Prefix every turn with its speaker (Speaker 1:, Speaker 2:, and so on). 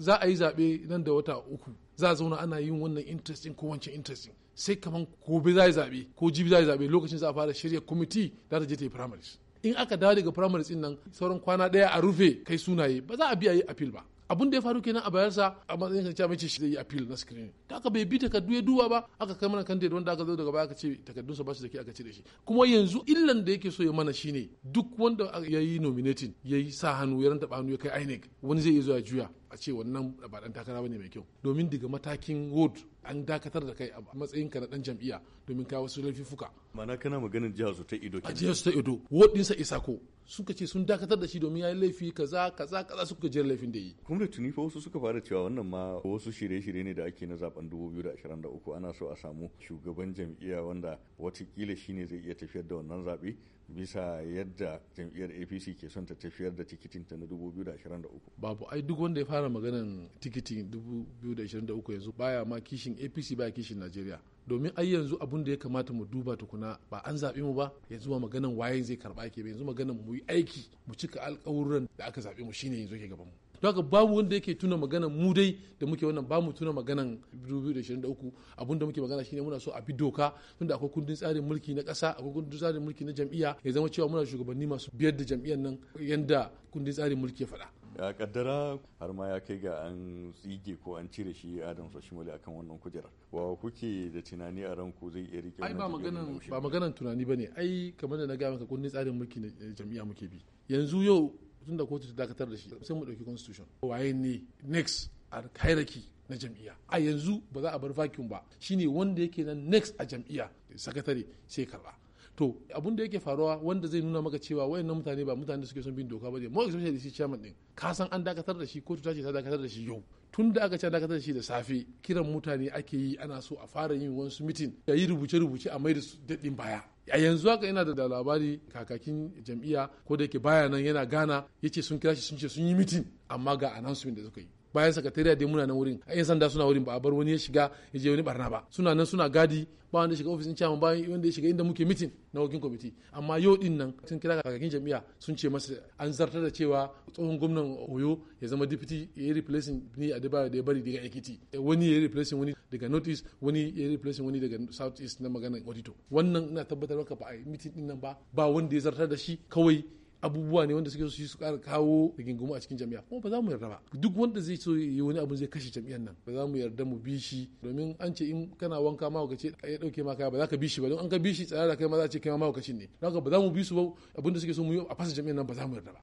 Speaker 1: za a yi zaɓe nan da wata uku za a zauna ana yin wannan interesting ko wancan interesting sai kaman gobe za a yi zaɓe ko jibi za a yi zaɓe lokacin za a fara shirya kwamiti za ta je ta yi primaries in aka dawo daga primaries din nan sauran kwana ɗaya a rufe kai sunaye ba za a biya yi appeal ba abun da ya faru kenan a sa a matsayin kan cewa shi zai yi appeal na screening ta aka bai bi takardu ya duba ba aka kai mana candidate wanda aka zo daga baya aka ce sa ba su da ke aka da shi kuma yanzu illan da yake so ya mana shine duk wanda ya yi nominating ya yi sa hannu ya ranta hannu ya kai INEC wani zai iya zuwa juya a ce wannan ba dan takara bane mai kyau domin daga matakin ward an dakatar da kai a matsayin ka na dan jam'iyya domin kawo wasu laifuka
Speaker 2: mana kana maganin jihar su ta ido a jihar su ta ido ward din sa isako
Speaker 1: suka ce sun dakatar da shi domin yayi laifi kaza kaza kaza suka jira laifin da yi kuma tuni fa wasu
Speaker 2: suka fara cewa wannan ma wasu shirye-shirye ne da ake na zaben 2023 ana so a samu shugaban jam'iyya wanda watakila shine zai iya tafiyar da wannan zabe bisa yadda jam'iyyar APC ke son ta tafiyar da tikitin ta na 2023
Speaker 1: babu ai duk wanda ya fara ƙara maganan tikitin 2023 yanzu baya ma kishin apc baya kishin najeriya domin ai yanzu abun da ya kamata mu duba tukuna ba an zaɓi mu ba yanzu ba maganan waye zai karɓa ke yanzu maganan mu yi aiki mu cika alƙawuran da aka zaɓe mu shine yanzu ke gaban mu don haka babu wanda yake tuna maganan mu dai da muke wannan ba mu tuna maganan 2023 abun da muke magana shine muna so a bi doka tunda akwai kundin tsarin mulki na ƙasa akwai kundin tsarin mulki na jam'iyya ya zama cewa muna shugabanni masu biyar da jam'iyyar nan yanda kundin tsarin mulki ya faɗa
Speaker 2: ya kaddara har ma ya kai ga an tsige ko an cire shi adam soshimali akan wannan kujerar wa kuke da tunani a ranku zai iya rike ai ba maganan
Speaker 1: ba tunani bane ai kamar da na ga maka kunni tsarin mulki na eh, jami'a muke bi yanzu yau tun da kotu ta dakatar da shi sai mu dauki constitution waye ne next a hierarchy na jam'iyya a yanzu ba za a bar vacuum ba shine wanda yake nan next a jam'iyya sakatare sai karba to abun da yake faruwa wanda zai nuna maka cewa wayannan mutane ba mutane suke son bin doka ba ne mo da shi chairman din ka san an dakatar da shi ko ta ce ta dakatar da shi yau tun da aka ce dakatar da shi da safe kiran mutane ake yi ana so a fara yin wasu mitin ya yi rubuce-rubuce a mai da su daɗin baya a yanzu haka yana da labari kakakin jam'iyya ko da yake baya nan yana gana yace sun kira shi sun ce sun yi mitin amma ga announcement da suka yi bayan sakatariya dai muna nan wurin a yan sanda suna wurin ba a bar wani ya shiga ya je wani barna ba suna nan suna gadi ba wanda ya shiga ofisin chairman ba wanda ya shiga inda muke mitin na working kwamiti amma yau din nan sun kira kakakin jami'a sun ce masa an zartar da cewa tsohon gwamnan oyo ya zama deputy ya yi replacing ni a dabara da ya bari daga ekiti wani ya yi replacing wani daga north east wani ya yi replacing wani daga south east na magana odito wannan ina tabbatar maka ba a meeting mitin din nan ba ba wanda ya zartar da shi kawai abubuwa ne wanda suke so su kara kawo rigingimu a cikin jami'a kuma ba za mu yarda ba duk wanda zai so yi wani abu zai kashe jami'an nan ba za mu yarda mu bi shi domin an ce in kana wanka ma ka ce ya dauke ma kaya ba za ka bi shi ba don an ka bi shi tsara da kai ma za a ce kai ma ka ne don ba za mu bi su ba abinda suke so mu yi a fasa jami'an nan ba za mu yarda ba